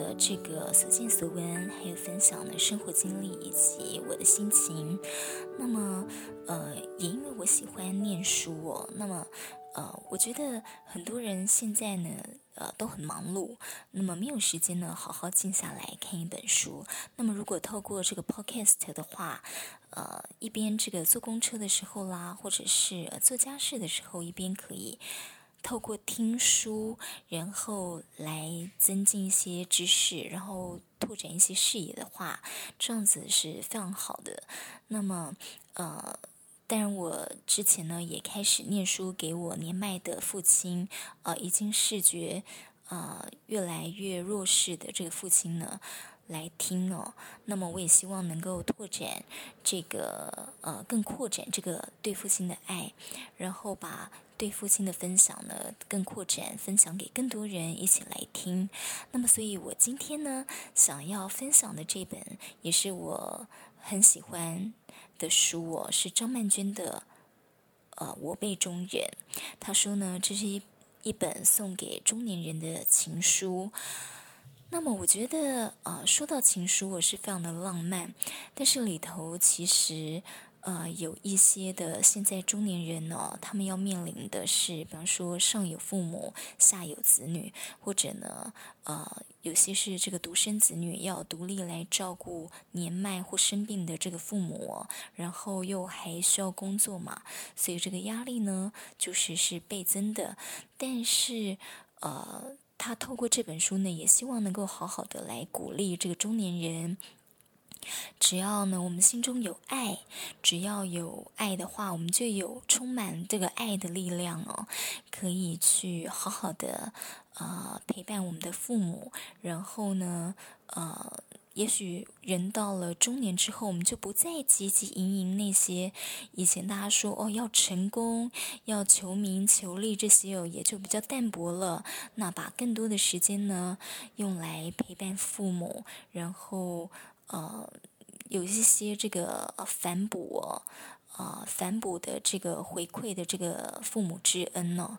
的這個所見所聞，還有分享的生活經歷，以及我的心情。那麼，呃，也因為我喜歡念書哦。那麼，呃，我覺得很多人現在呢，呃，都很忙碌，那麼沒有時間呢，好好靜下來看一本書。那麼，如果透過這個 Podcast 的話，呃，一邊這個坐公車的時候啦，或者是做家事的時候，一邊可以。透過聽書，然後來增進一些知識，然後拓展一些視野的話，這樣子是非常好的。那麼，呃，當然我之前呢也開始念書給我年邁的父親，呃，已經視覺，呃，越來越弱勢的這個父親呢，來聽哦。那麼我也希望能夠拓展這個，呃，更擴展這個對父親的愛，然後把。對父親的分享呢，更擴展，分享給更多人一起來聽。那麼，所以我今天呢，想要分享的這本也是我很喜歡的書，哦，我是張曼娟的呃《我輩中人》。他說呢，這是一一本送給中年人的情書。那麼，我覺得，啊、呃，說到情書，我是非常的浪漫，但是裡頭其實。呃，有一些的現在中年人呢，他們要面臨的是，比方說上有父母，下有子女，或者呢，呃，有些是這個獨生子女要獨立來照顧年邁或生病的這個父母，然後又還需要工作嘛，所以這個壓力呢，就是是倍增的。但是，呃，他透過這本書呢，也希望能夠好好的來鼓勵這個中年人。只要呢，我們心中有愛，只要有愛的話，我們就有充滿這個愛的力量哦，可以去好好的呃陪伴我們的父母。然後呢，呃，也許人到了中年之後，我們就不再汲汲營營那些以前大家說哦要成功、要求名求利這些哦，也就比較淡薄了。那把更多的時間呢，用來陪伴父母，然後。呃，有一些這個反哺、哦，啊、呃，反哺的這個回饋的這個父母之恩呢、哦，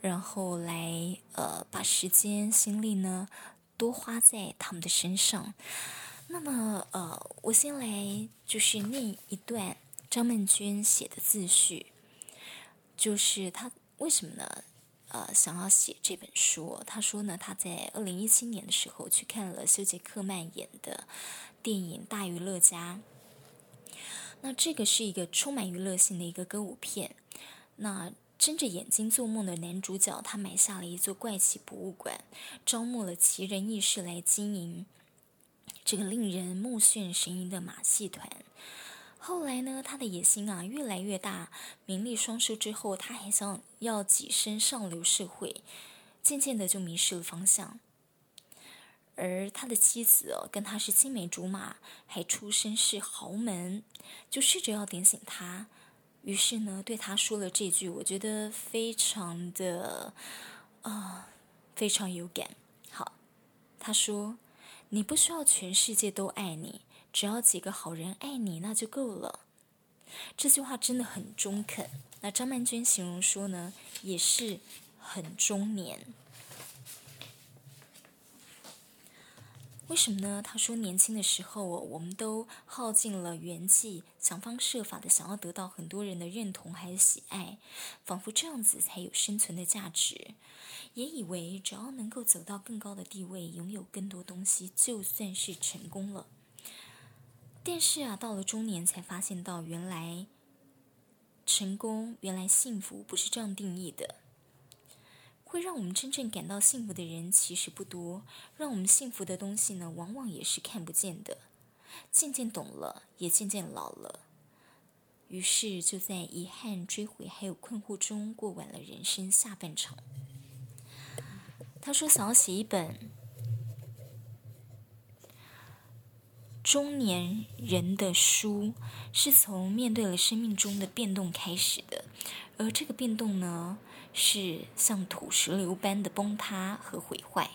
然後來呃，把時間、心力呢，多花在他們的身上。那麼呃，我先來就是念一段張曼娟寫的自序，就是他為什麼呢？呃，想要寫這本書，他說呢，他在二零一七年的時候去看了休傑克曼演的，電影《大娛樂家》，那這個是一個充滿娛樂性的一個歌舞片。那睜着眼睛做夢的男主角，他買下了一座怪奇博物館，招募了奇人異士來經營這個令人目眩神迷的馬戲團。後來呢，他的野心啊越來越大，名利雙收之後，他還想要躋身上流社會，漸漸的就迷失了方向。而他的妻子、哦、跟他是青梅竹馬，還出身是豪門，就試着要點醒他。於是呢，對他說了這句，我覺得非常的，啊、呃，非常有感。好，他說：“你不需要全世界都愛你，只要幾個好人愛你，那就夠了。”這句話真的很中肯。那張曼娟形容說呢，也是很中年。為什麼呢？他說，年輕的時候，我們都耗盡了元氣，想方設法的想要得到很多人的認同還有喜愛，仿佛這樣子才有生存的價值。也以為只要能夠走到更高的地位，擁有更多東西，就算是成功了。但是啊，到了中年才發現到，原來成功，原來幸福不是這樣定義的。會讓我們真正感到幸福的人其實不多，讓我們幸福的東西呢，往往也是看不見的。漸漸懂了，也漸漸老了，於是就在遺憾、追悔還有困惑中過完了人生下半場。他說：“想要寫一本中年人的書，是從面對了生命中的變動開始的，而這個變動呢，”是像土石流般的崩塌和毀壞。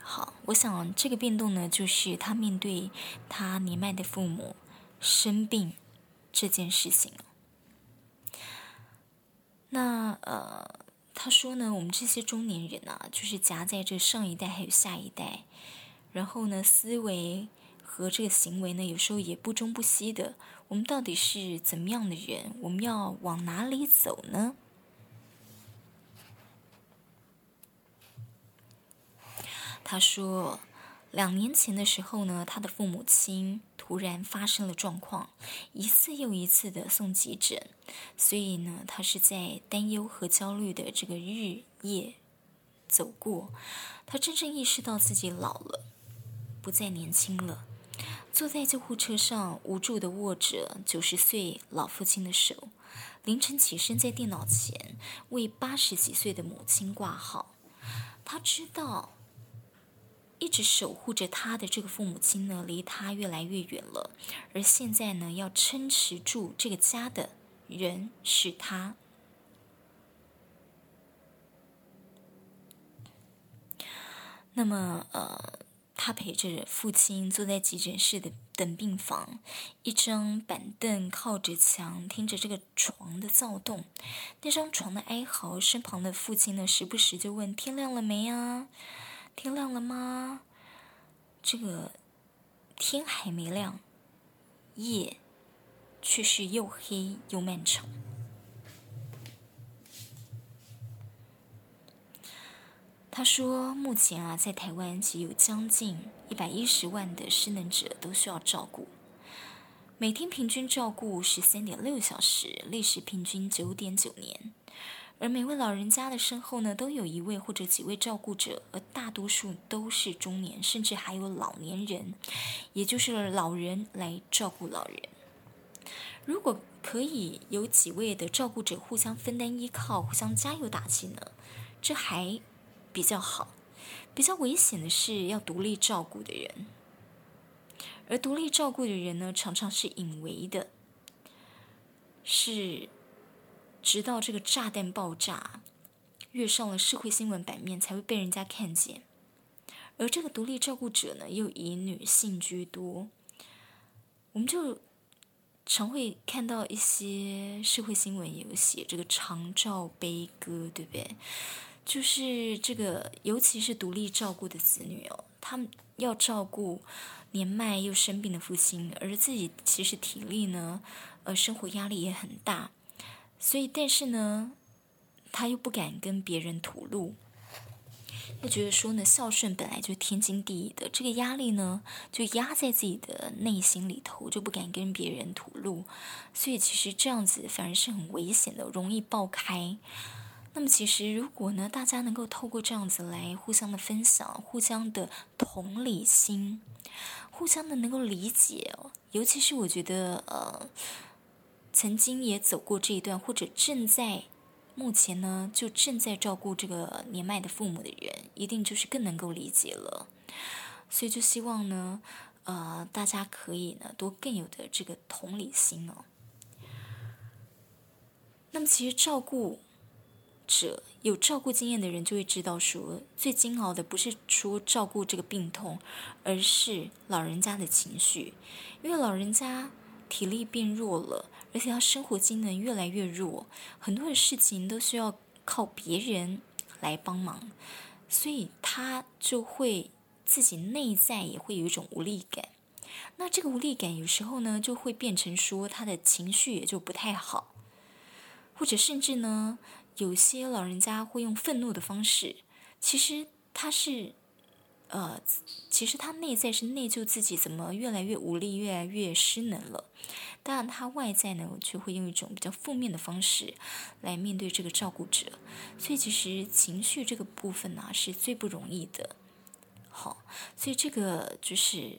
好，我想這個變動呢，就是他面對他年邁的父母生病這件事情。那呃，他說呢，我們這些中年人啊，就是夾在這上一代還有下一代，然後呢，思維。和這個行為呢，有時候也不中不西的。我們到底是怎麼樣的人？我們要往哪裡走呢？他說，兩年前的時候呢，他的父母親突然發生了狀況，一次又一次的送急診，所以呢，他是在擔憂和焦慮的這個日夜走過。他真正意識到自己老了，不再年輕了。坐在救護車上，無助地握着九十歲老父親的手；凌晨起身在電腦前為八十幾歲的母親掛號。他知道，一直守護着他的這個父母親呢，離他越來越遠了。而現在呢，要撐持住這個家的人是他。那麼，呃。他陪着父親坐在急診室的等病房，一張板凳靠着牆，聽着這個床的躁動，那張床的哀嚎。身旁的父親呢，時不時就問：“天亮了沒呀？天亮了嗎？”這個天還沒亮，夜卻是又黑又漫長。他說：“目前啊，在台灣，只有將近一百一十萬的失能者都需要照顧，每天平均照顧十三點六小時，歷時平均九點九年。而每位老人家的身後呢，都有一位或者幾位照顧者，而大多數都是中年，甚至還有老年人，也就是老人來照顧老人。如果可以有幾位的照顧者互相分擔、依靠、互相加油打氣呢，這還……”比較好，比較危險的是要獨立照顧的人，而獨立照顧的人呢，常常是隱微的，是直到這個炸彈爆炸，躍上了社會新聞版面，才會被人家看見。而這個獨立照顧者呢，又以女性居多，我們就常會看到一些社會新聞有寫這個長照悲歌，對不對？就是這個，尤其是獨立照顧的子女哦，他們要照顧年邁又生病的父親，而自己其實體力呢，呃，生活壓力也很大，所以，但是呢，他又不敢跟別人吐露，他覺得說呢，孝順本來就天經地義的，這個壓力呢，就壓在自己的內心裡頭，就不敢跟別人吐露，所以其實這樣子反而是很危險的，容易爆開。那麼其實，如果呢，大家能夠透過這樣子來互相的分享，互相的同理心，互相的能夠理解哦。尤其是我覺得，呃，曾經也走過這一段，或者正在目前呢，就正在照顧這個年邁的父母的人，一定就是更能夠理解了。所以就希望呢，呃，大家可以呢，多更有的這個同理心哦。那麼其實照顧。者有照顧經驗的人就會知道說，說最煎熬的不是說照顧這個病痛，而是老人家的情緒。因為老人家體力變弱了，而且他生活機能越來越弱，很多的事情都需要靠別人來幫忙，所以他就會自己內在也會有一種無力感。那這個無力感有時候呢，就會變成說他的情緒也就不太好，或者甚至呢。有些老人家會用憤怒的方式，其實他是，呃，其實他內在是內疚自己怎麼越來越無力、越來越失能了，但他外在呢，就會用一種比較負面的方式來面對這個照顧者。所以其實情緒這個部分呢、啊，是最不容易的。好，所以這個就是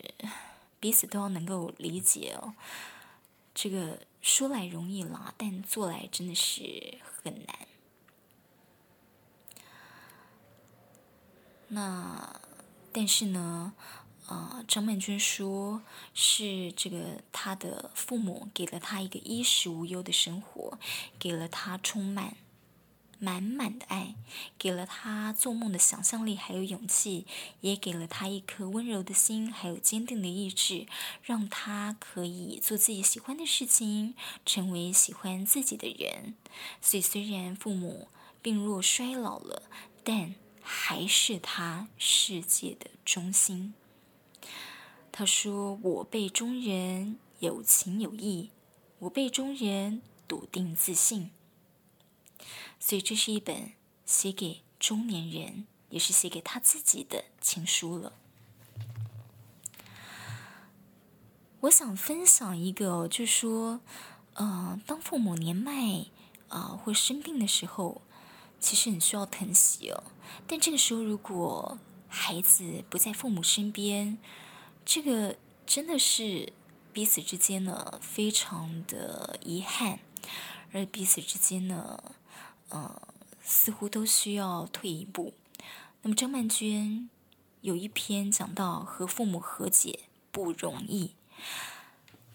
彼此都要能夠理解哦。這個說來容易啦，但做來真的是很難。那，但是呢，呃，張曼娟說是這個他的父母給了他一個衣食無憂的生活，給了他充滿滿滿的愛，給了他做夢的想象力還有勇氣，也給了他一顆溫柔的心還有堅定的意志，讓他可以做自己喜歡的事情，成為喜歡自己的人。所以，雖然父母病弱衰老了，但。還是他世界的中心。他說：“我輩中人有情有義，我輩中人篤定自信。”所以，這是一本寫給中年人，也是寫給他自己的情書了。我想分享一個，就是說，呃，當父母年邁，啊、呃，或生病的時候。其實很需要疼惜哦，但這個時候如果孩子不在父母身邊，這個真的是彼此之間呢非常的遺憾，而彼此之間呢，嗯、呃，似乎都需要退一步。那麼張曼娟有一篇講到和父母和解不容易，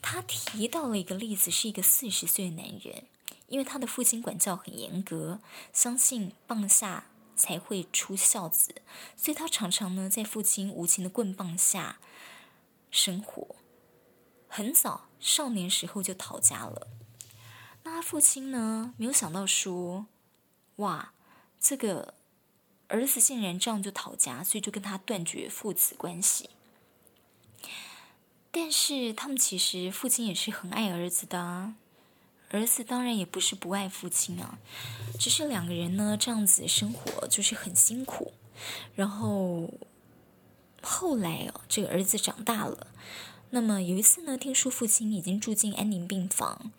她提到了一個例子，是一個四十歲的男人。因為他的父親管教很嚴格，相信棒下才會出孝子，所以他常常呢在父親無情的棍棒下生活。很早，少年時候就逃家了。那他父親呢沒有想到說，哇，這個兒子竟然這樣就逃家，所以就跟他斷絕父子關係。但是他們其實父親也是很愛兒子的啊。兒子當然也不是不愛父親啊，只是兩個人呢這樣子生活就是很辛苦。然後後來哦、啊，這個兒子長大了，那麼有一次呢，聽說父親已經住進安寧病房，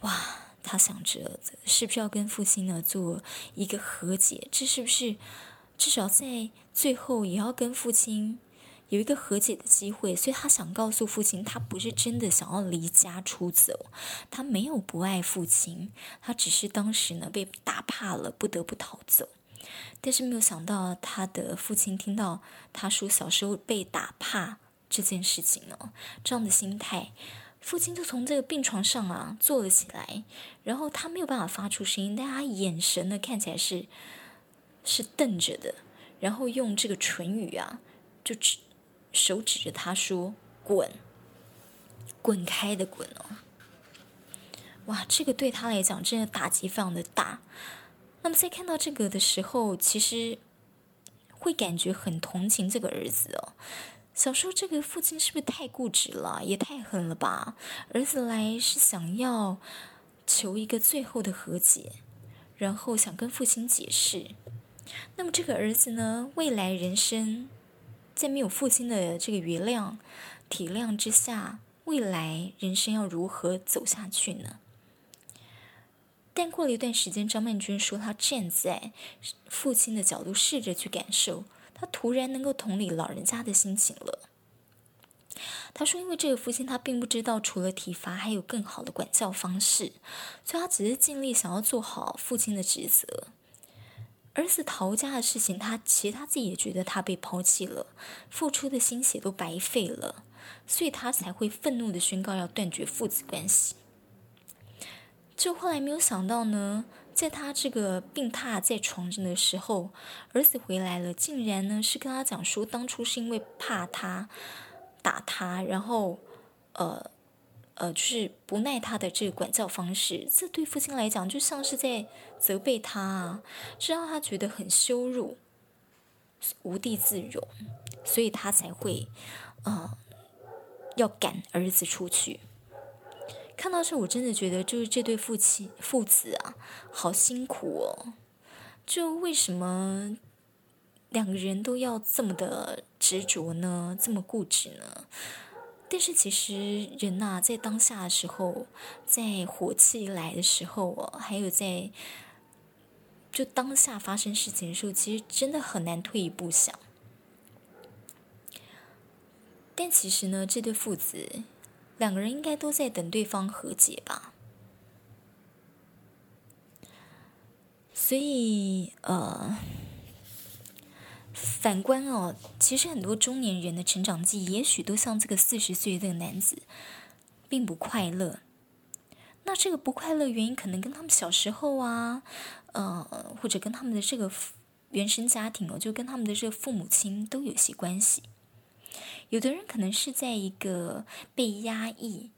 哇，他想着是不是要跟父親呢做一個和解？這是不是至少在最後也要跟父親？有一個和解的機會，所以他想告訴父親，他不是真的想要離家出走，他沒有不愛父親，他只是當時呢被打怕了，不得不逃走。但是沒有想到，他的父親聽到他說小時候被打怕這件事情呢、哦，這樣的心態，父親就從這個病床上啊坐了起來，然後他沒有辦法發出聲音，但他眼神呢看起來是是瞪着的，然後用這個唇語啊，就只。手指着他說：“滾，滾開的滾哦！哇，這個對他來講，真的打擊非常的大。那麼在看到這個的時候，其實會感覺很同情這個兒子哦。想說這個父親是不是太固執了，也太狠了吧？兒子來是想要求一個最後的和解，然後想跟父親解釋。那麼這個兒子呢，未來人生……”在沒有父親的這個原諒、體諒之下，未來人生要如何走下去呢？但過了一段時間，張曼娟說，她站在父親的角度試着去感受，她突然能夠同理老人家的心情了。她說，因為這個父親他並不知道，除了體罰還有更好的管教方式，所以他只是盡力想要做好父親的職責。兒子逃家的事情，他其實他自己也覺得他被拋棄了，付出的心血都白費了，所以他才會憤怒地宣告要斷絕父子關係。就後來沒有想到呢，在他這個病榻在床上的時候，兒子回來了，竟然呢是跟他講說，當初是因為怕他打他，然後，呃。呃，就是不耐他的這個管教方式，這對父親來講就像是在責備他啊，這讓他覺得很羞辱、無地自容，所以他才會，啊、呃，要趕兒子出去。看到這，我真的覺得，就是這對父親父子啊，好辛苦哦。就為什麼兩個人都要這麼的執着呢？這麼固執呢？但是其實人吶，在當下的時候，在火氣來的時候哦，還有在就當下發生事情的時候，其實真的很難退一步想。但其實呢，這對父子兩個人應該都在等對方和解吧，所以呃。反觀哦，其實很多中年人的成長記憶，也許都像這個四十歲的男子，並不快樂。那這個不快樂原因，可能跟他們小時候啊，呃，或者跟他們的這個原生家庭哦、啊，就跟他們的這個父母親都有些關係。有的人可能是在一個被壓抑。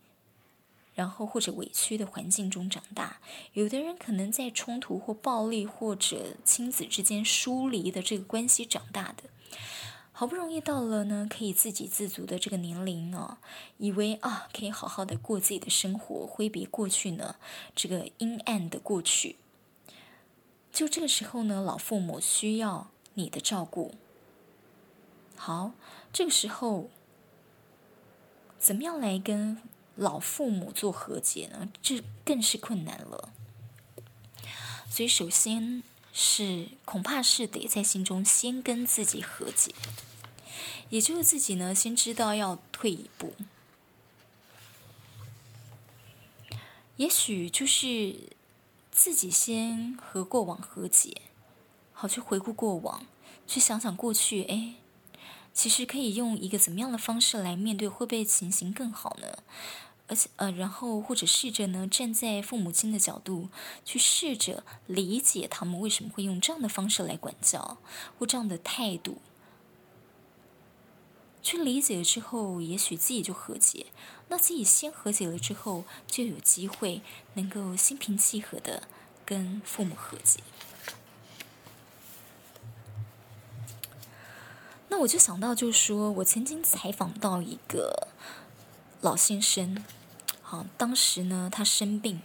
然後或者委屈的環境中長大，有的人可能在衝突或暴力或者親子之間疏離的這個關係長大的，好不容易到了呢，可以自給自足的這個年齡呢，哦，以為啊，可以好好的過自己的生活，揮別過去呢，這個陰暗的過去，就這個時候呢，老父母需要你的照顧，好，這個時候怎麼樣來跟？老父母做和解呢，這更是困難了。所以，首先是恐怕是得在心中先跟自己和解，也就是自己呢先知道要退一步。也許就是自己先和過往和解，好去回顧過往，去想想過去，哎，其實可以用一個怎麼樣的方式來面對，會不會情形更好呢？而且呃，然後或者試着呢，站在父母親的角度去試着理解他們為什麼會用這樣的方式來管教，或這樣的態度。去理解了之後，也許自己就和解。那自己先和解了之後，就有機會能夠心平氣和的跟父母和解。那我就想到，就是說我曾經採訪到一個老先生。當時呢，他生病，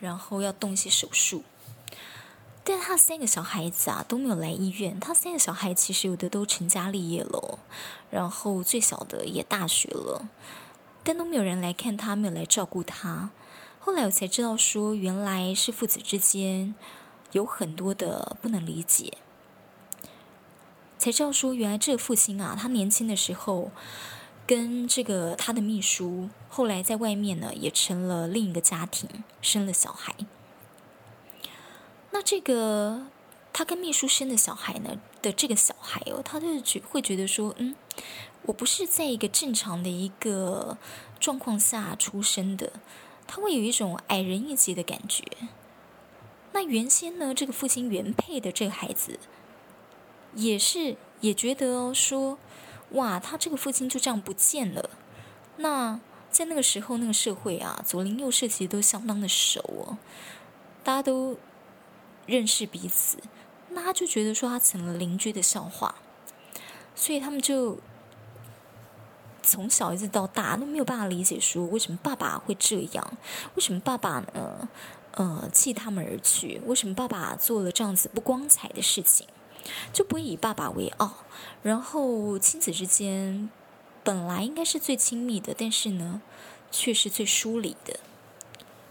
然後要動一些手術，但他三個小孩子啊都沒有來醫院。他三個小孩子其實有的都成家立業了，然後最小的也大學了，但都沒有人來看他，沒有來照顧他。後來我才知道，說原來是父子之間有很多的不能理解，才知道說原來這個父親啊，他年輕的時候。跟這個他的秘書後來在外面呢，也成了另一個家庭，生了小孩。那這個他跟秘書生的小孩呢的這個小孩哦，他就覺會覺得說，嗯，我不是在一個正常的一個狀況下出生的，他會有一種矮人一截的感覺。那原先呢，這個父親原配的這個孩子，也是也覺得哦，說。哇，他這個父親就這樣不見了。那在那個時候，那個社會啊，左鄰右舍其實都相當的熟哦，大家都認識彼此。那他就覺得說，他成了鄰居的笑話，所以他們就從小一直到大都沒有辦法理解說，為什麼爸爸會這樣，為什麼爸爸呢呃呃棄他們而去，為什麼爸爸做了這樣子不光彩的事情。就不會以爸爸為傲，然後親子之間本來應該是最親密的，但是呢，卻是最疏離的，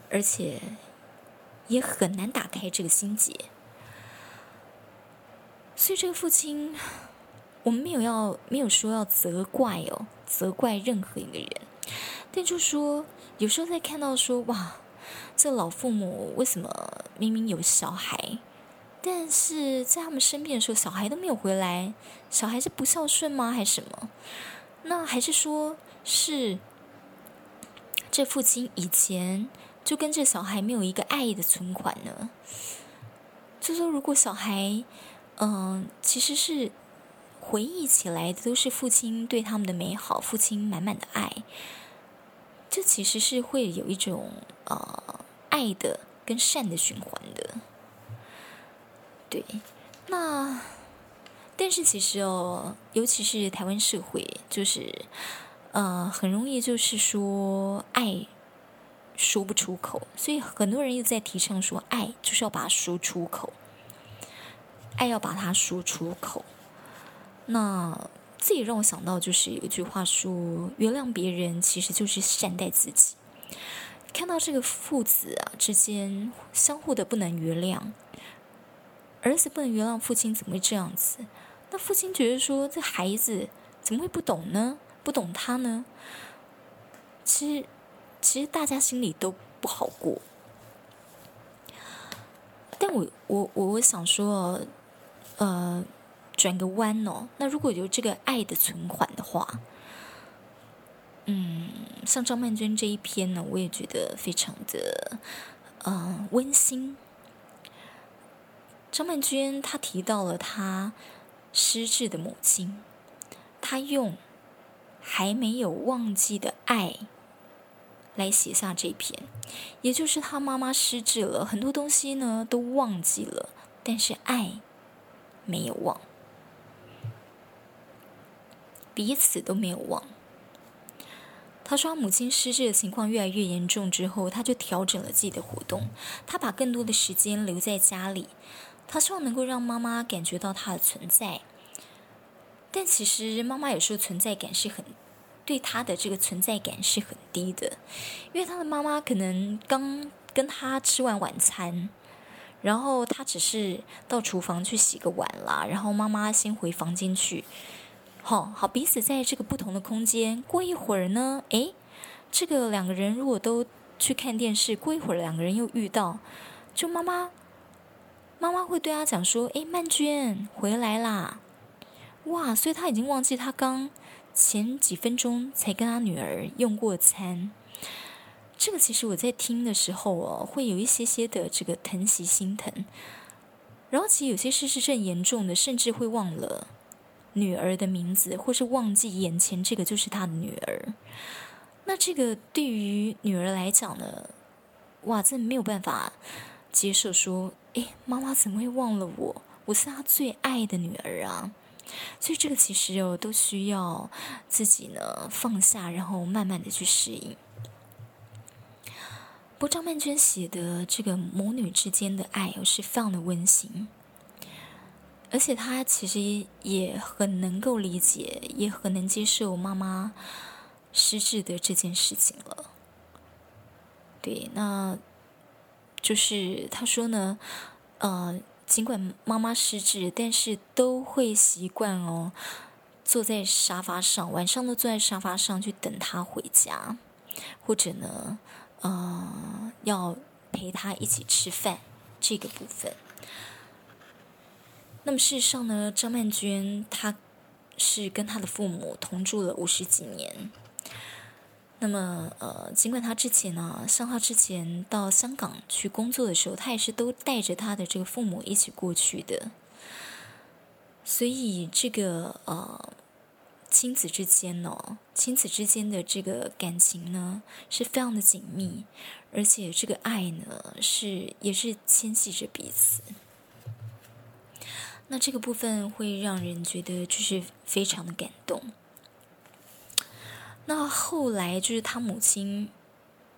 而且也很難打開這個心結。所以這個父親，我們沒有要沒有說要責怪哦，責怪任何一個人，但就說有時候在看到說，哇，這個老父母為什麼明明有小孩，但是在他們生病的時候，小孩都沒有回來。小孩是不孝順嗎？還是什麼？那還是說是這父親以前就跟這小孩沒有一個愛的存款呢？就說如果小孩，嗯、呃，其實是回憶起來的都是父親對他們的美好，父親滿滿的愛，這其實是會有一種啊、呃、愛的跟善的循環的。對，那但是其實哦，尤其是台灣社會，就是呃，很容易就是說愛說不出口，所以很多人一直在提倡說，愛就是要把它說出口，愛要把它說出口。那這也讓我想到，就是有一句話說，原諒別人其實就是善待自己。看到這個父子啊之間相互的不能原諒。兒子不能原諒父親，怎麼會這樣子？那父親覺得說，這孩子怎麼會不懂呢？不懂他呢？其實，其實大家心裡都不好過。但我我我我想說，呃，轉個彎哦。那如果有這個愛的存款的話，嗯，像張曼娟這一篇呢，我也覺得非常的，呃，溫馨。張曼娟她提到了她失智的母親，她用還沒有忘記的愛來寫下這篇，也就是她媽媽失智了很多東西呢都忘記了，但是愛沒有忘，彼此都沒有忘。她說她母親失智的情況越來越嚴重之後，她就調整了自己的活動，她把更多的時間留在家裡。他希望能夠讓媽媽感覺到他的存在，但其實媽媽有時候存在感是很，對他的這個存在感是很低的，因為他的媽媽可能剛跟他吃完晚餐，然後他只是到廚房去洗個碗啦，然後媽媽先回房間去。哦、好好彼此在這個不同的空間。過一會兒呢，哎，這個兩個人如果都去看電視，過一會兒兩個人又遇到，就媽媽。媽媽會對他講說：“誒，曼娟回來啦！哇，所以她已經忘記她剛前幾分鐘才跟她女兒用過餐，這個其實我在聽的時候哦，會有一些些的這個疼惜、心疼。然後其實有些事是更嚴重的，甚至會忘了女兒的名字，或是忘記眼前這個就是他的女兒。那這個對於女兒來講呢，哇，真沒有辦法接受說。”哎，媽媽怎麼會忘了我？我是她最愛的女兒啊！所以這個其實、哦、都需要自己呢放下，然後慢慢的去適應。不過張曼娟寫的這個母女之間的愛、哦，是非常的溫馨，而且她其實也很能夠理解，也很能接受媽媽失智的這件事情了。對，那。就是他說呢，呃，儘管媽媽失智，但是都會習慣哦，坐在沙發上，晚上都坐在沙發上去等他回家，或者呢，呃，要陪他一起吃飯這個部分。那麼事實上呢，張曼娟她是跟她的父母同住了五十幾年。那麼，呃，儘管他之前呢，像他之前到香港去工作的時候，他也是都帶着他的這個父母一起過去的。所以，這個呃，親子之間呢，親子之間的這個感情呢，是非常的緊密，而且這個愛呢，是也是牽繫着彼此。那這個部分會讓人覺得就是非常的感動。那後來就是他母親，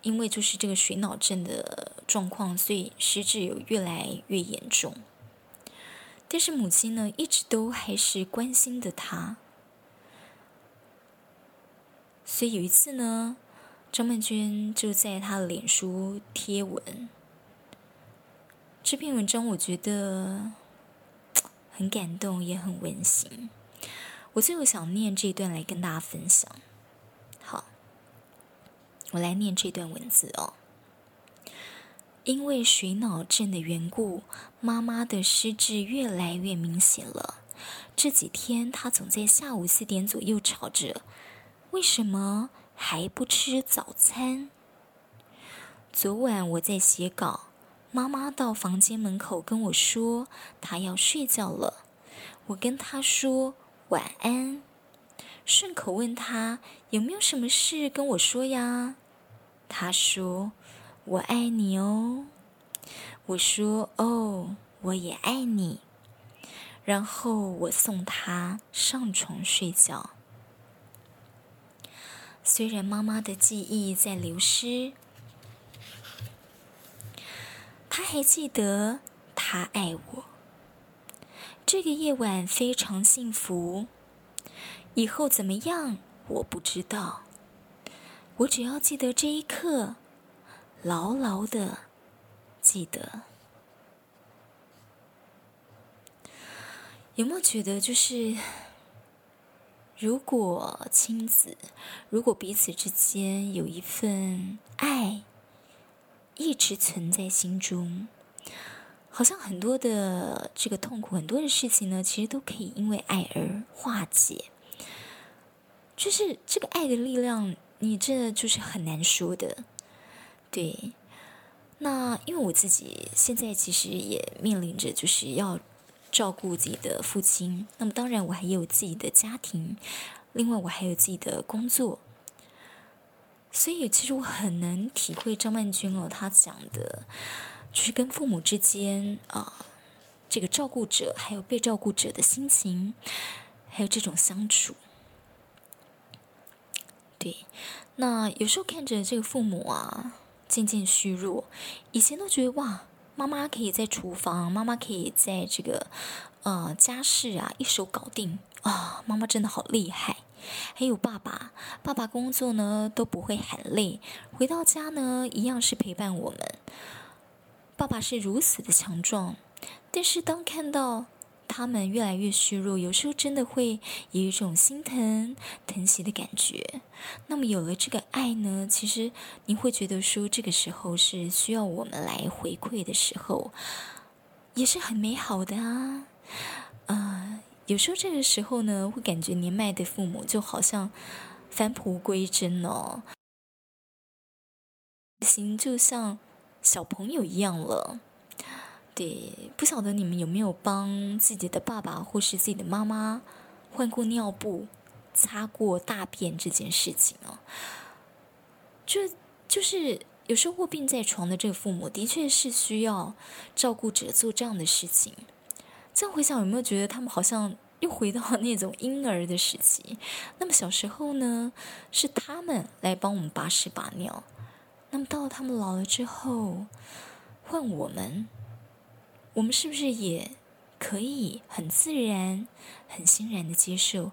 因為就是這個水腦症的狀況，所以失智有越來越嚴重。但是母親呢，一直都還是關心的他。所以有一次呢，張曼娟就在她的臉書貼文，這篇文章我覺得很感動，也很溫馨。我最後想念這一段來跟大家分享。我來念這段文字哦。因為水腦症的緣故，媽媽的失智越來越明顯了。這幾天，她總在下午四點左右吵着：“為什麼還不吃早餐？”昨晚我在寫稿，媽媽到房間門口跟我說：“她要睡覺了。”我跟她說晚安，順口問她。有沒有什麼事跟我說呀？他說：“我愛你哦。”我說：“哦，我也愛你。”然後我送他上床睡覺。雖然媽媽的記憶在流失，他還記得他愛我。這個夜晚非常幸福。以後怎麼樣？我不知道，我只要記得這一刻，牢牢的記得。有沒有覺得，就是如果親子，如果彼此之間有一份愛，一直存在心中，好像很多的這個痛苦，很多的事情呢，其實都可以因為愛而化解。就是這個愛的力量，你這就是很難說的。對，那因為我自己現在其實也面臨着，就是要照顧自己的父親。那麼當然，我還有自己的家庭，另外我還有自己的工作。所以其實我很能體會張曼娟哦，她講的就是跟父母之間啊，這個照顧者還有被照顧者的心情，還有這種相處。對，那有時候看着這個父母啊，漸漸虛弱，以前都覺得哇，媽媽可以在廚房，媽媽可以在這個，呃，家事啊一手搞定啊，哦，媽媽真的好厲害。還有爸爸，爸爸工作呢都不會喊累，回到家呢一樣是陪伴我們。爸爸是如此的強壯，但是當看到。他們越來越虛弱，有時候真的會有一種心疼疼惜的感覺。那麼有了這個愛呢，其實你會覺得說，這個時候是需要我們來回饋的時候，也是很美好的啊。呃，有時候這個時候呢，會感覺年邁的父母就好像返璞歸真哦，心就像小朋友一樣了。對，不曉得你們有沒有幫自己的爸爸或是自己的媽媽換過尿布、擦過大便這件事情啊、哦？這就，就是有時候臥病在床的這個父母的確是需要照顧者做這樣的事情。這樣回想，有沒有覺得他們好像又回到那種嬰兒的時期？那麼小時候呢，是他們來幫我們把屎把尿，那麼到了他們老了之後，換我們。我們是不是也可以很自然、很欣然的接受，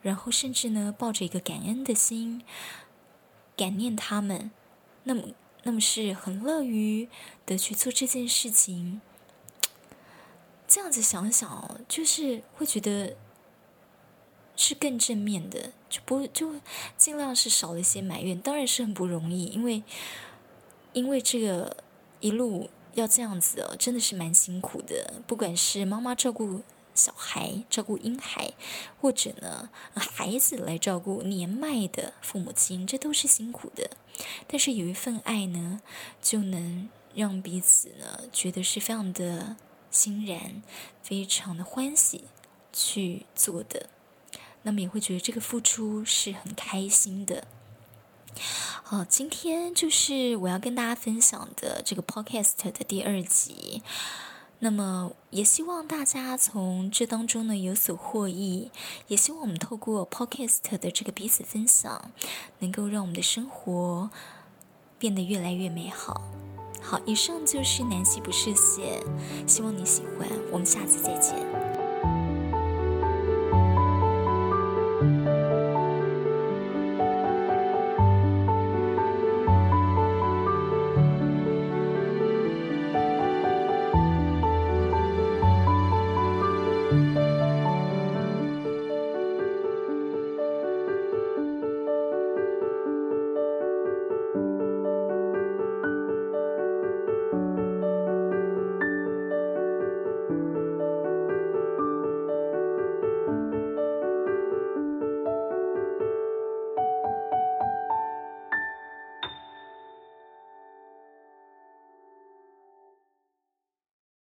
然後甚至呢，抱着一個感恩的心，感念他們，那麼那麼是很樂於的去做這件事情。這樣子想想，就是會覺得是更正面的，就不就盡量是少了一些埋怨。當然是很不容易，因為因為這個一路。要這樣子哦，真的是蠻辛苦的。不管是媽媽照顧小孩、照顧嬰孩，或者呢孩子來照顧年邁的父母親，這都是辛苦的。但是有一份愛呢，就能讓彼此呢覺得是非常的欣然、非常的歡喜去做的。那麼也會覺得這個付出是很開心的。好、哦，今天就是我要跟大家分享的這個 Podcast 的第二集。那麼也希望大家從這當中呢有所獲益，也希望我們透過 Podcast 的這個彼此分享，能夠讓我們的生活變得越來越美好。好，以上就是南希不設限，希望你喜歡，我們下次再見。